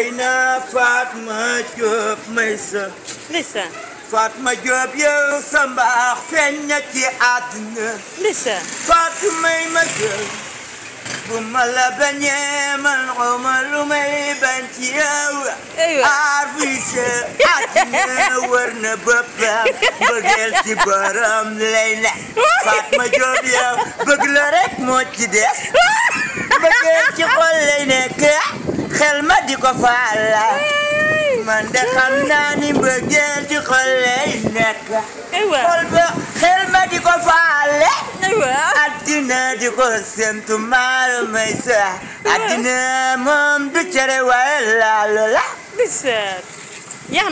Zeyna Fatma Diop Maysa. ndeysaan. Fatma Diop yow sa mbaax feeñ na ci àdduna. ndeysaan. ma Diop. bu ma la bañee man xaw ma lu may bañ ci yow. aywa arvise àdduna wër na boppam bëggeel ci borom lay ne. Fatma Diop yow bëgg la rek moo ci des. bëggeel ci xol di ko man de xam naa ni mbëggeel ci xol lay nekk xol ba xel ma di ko faale addina di ko séntu maalo may sa addina moom du cere waaye laalo la